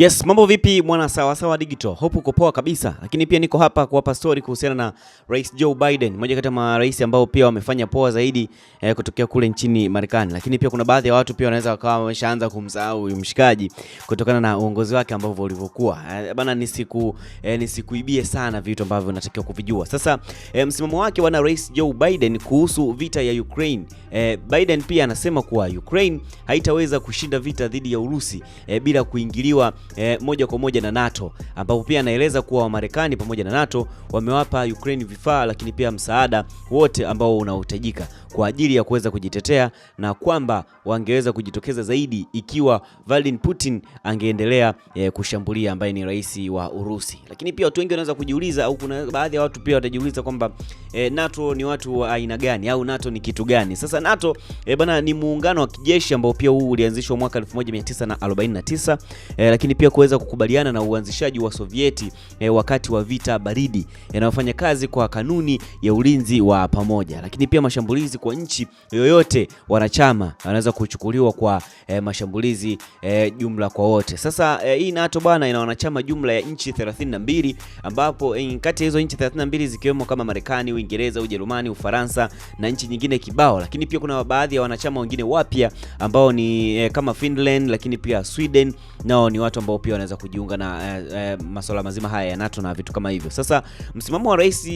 Yes, mambo vipi mwana sawa sawa digital. Hope uko poa kabisa. Lakini pia niko hapa kuwapa story kuhusiana na Rais Joe Biden, mmoja kati ya marais ambao pia wamefanya poa zaidi eh, kutokea kule nchini Marekani. Lakini pia kuna baadhi ya watu pia wanaweza wakawa wameshaanza kumsahau huyu mshikaji kutokana na uongozi wake ambao ulivyokuwa. Eh, bana nisiku eh, nisikuibie sana vitu ambavyo unatakiwa kuvijua. Sasa eh, msimamo wake bwana Rais Joe Biden kuhusu vita ya Ukraine. Eh, Biden pia anasema kuwa Ukraine haitaweza kushinda vita dhidi ya Urusi eh, bila kuingiliwa e, moja kwa moja na NATO, ambapo pia anaeleza kuwa Wamarekani pamoja na NATO wamewapa Ukraine vifaa, lakini pia msaada wote ambao unaohitajika kwa ajili ya kuweza kujitetea na kwamba wangeweza kujitokeza zaidi ikiwa Vladimir Putin angeendelea e, kushambulia, ambaye ni rais wa Urusi. Lakini pia watu wengi wanaweza kujiuliza, au kuna baadhi ya watu pia watajiuliza kwamba e, NATO ni watu wa aina gani au NATO ni kitu gani? Sasa NATO e, bana ni muungano wa kijeshi ambao pia huu ulianzishwa mwaka 1949 e, lakini pia kuweza kukubaliana na uanzishaji wa Sovieti e, wakati wa vita baridi yanayofanya kazi kwa kanuni ya ulinzi wa pamoja, lakini pia mashambulizi kwa nchi yoyote wanachama wanaweza kuchukuliwa kwa e, mashambulizi e, jumla kwa wote. Sasa e, hii NATO bwana ina wanachama jumla ya nchi 32 ambapo e, kati ya hizo nchi 32 zikiwemo kama Marekani, Uingereza, Ujerumani, Ufaransa na nchi nyingine kibao, lakini pia kuna baadhi ya wanachama wengine wapya ambao ni e, kama Finland, lakini pia Sweden nao ni watu ambao pia wanaweza kujiunga na e, e, masuala mazima haya ya NATO na vitu kama hivyo. Sasa msimamo wa rais